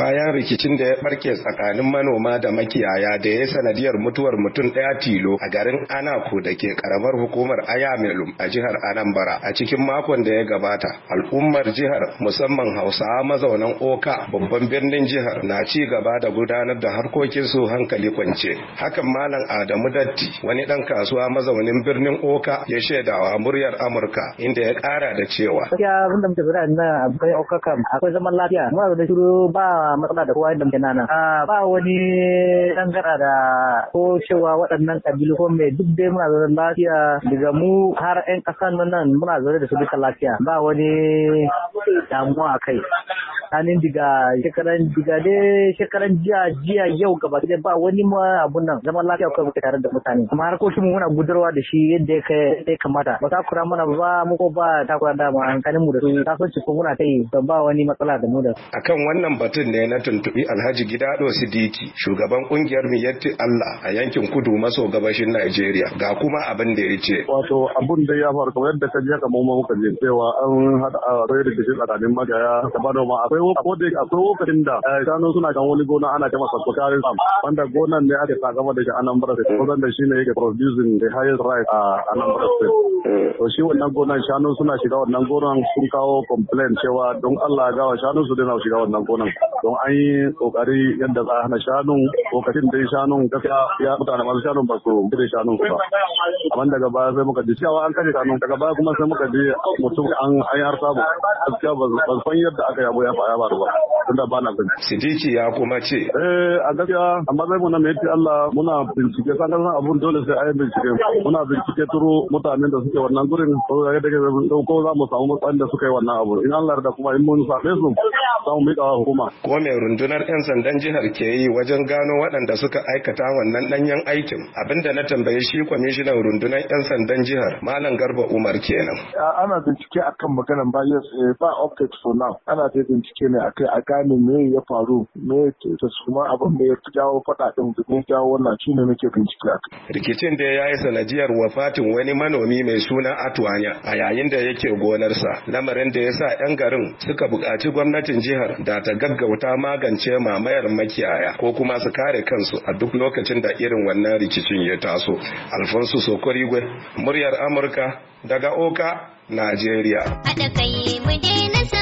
bayan rikicin da ya barke tsakanin manoma da makiyaya da ya sanadiyar mutuwar mutum ɗaya tilo a garin Anako da ke karamar hukumar Ayamelum a jihar Anambra a cikin makon da ya gabata. Al'ummar jihar musamman Hausawa mazaunan Oka babban birnin jihar na ci gaba da gudanar da harkokinsu hankali kwance. Hakan Malam Adamu Datti wani dan kasuwa mazaunin birnin Oka ya shaidawa muryar Amurka inda ya kara da cewa. Gaskiya abin da muke akwai bai akwai zaman lafiya. Muna da shiru ba matsala da kowa da muke nan ah, ba wani dangara da ko cewa waɗannan kabilu ko mai duk dai muna zaune lafiya daga mu har 'yan ƙasan nan muna zaune da su duka lafiya ba wani damuwa a kai tsakanin diga shekaran diga dai shekaran jiya jiya yau gaba da ba wani ma abun nan zaman lafiya kawai muka tare da mutane kuma harkokin mu muna gudarwa da shi yadda ya kamata ba takura mana ba mu ko ba takura da mu hankalin mu da su kasuwanci ko muna kai ba wani matsala da mu da akan wannan batun ne na tuntubi Alhaji Gidado Sidiki shugaban kungiyar Miyatti Allah a yankin kudu maso gabashin Najeriya ga kuma abin da ya ce wato abun da ya faru kamar yadda ka je ka mu muka je cewa an hada a shi tsakanin magaya da manoma akwai akwai akwai lokacin da eh, shanu suna kan wani gona ana kama karin sam wanda gonan ne ake sakama da anambra state kusan da ne yake producing the highest rice a anambra state to shi wannan gonan shanu suna shiga wannan gonan sun kawo complaint cewa don Allah ya gawa shanu su dina shiga wannan gonan don an yi kokari yadda za a hana shanu lokacin da shanun gaskiya ya mutane masu shanu ba su kire shanu. ba amma daga baya sai muka ji cewa an kashe shanu. daga baya kuma sai muka ji mutum an yi har A gaskiya ba su san yadda aka yabo ya faɗa rabarwa tunda ba na gani. Sidiki ya kuma ce. Eh a gaskiya a matsayin mu na mai Allah muna bincike san san abun dole sai ayi bincike muna bincike turo mutanen da suke wannan gurin ko da kake ko za mu samu matsayin da suka yi wannan abu in Allah da kuma in mun same su za mika hukuma. Ko mai rundunar 'yan sandan jihar ke yi wajen gano waɗanda suka aikata wannan ɗanyen aikin abin da na tambayi shi kwamishinan rundunar 'yan sandan jihar Malam Garba Umar kenan. Ana bincike akan maganan ba eh, ba update for now ana ta bincike ne akai a gane me ya faru me ta kuma abin da ya jawo faɗa ɗin da ya jawo wannan shi ne muke bincike akai. Rikicin da ya yi sanadiyar wafatin wani manomi mai suna Atuwanya a yayin da yake gonarsa lamarin da ya sa 'yan garin suka buƙaci gwamnatin jihar jihar da ta gaggauta magance mamayar makiyaya ko kuma su kare kansu a duk lokacin da irin wannan rikicin ya taso alfonso sokorigwe muryar amurka daga oka najeriya haɗa mu daina